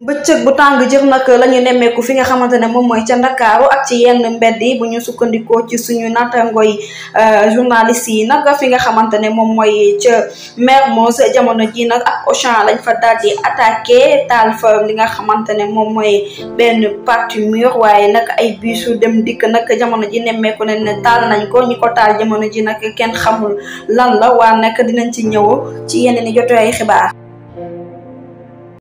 bëccëg bu tàng jër nag la nemmeeku fi nga xamante ne moom mooy ca ndakaaru ak ci yenn mbedd yi bu ñu sukkandikoo ci suñu nattangooy euh, journaliste yi nag fi nga xamante ne moom mooy ca Mermoz jamono ji nag ak Auchan lañ fa daal di attaqué li nga xamante ne moom mooy benn partie mur waaye nag ay bisu dem ndikk nag jamono ji nemmeeku ne ne taal nañ ko ñi ko taal jamono ji nag kenn xamul lan la waa nag dinañ ci ñëw ci yenn ni joto ay xibaar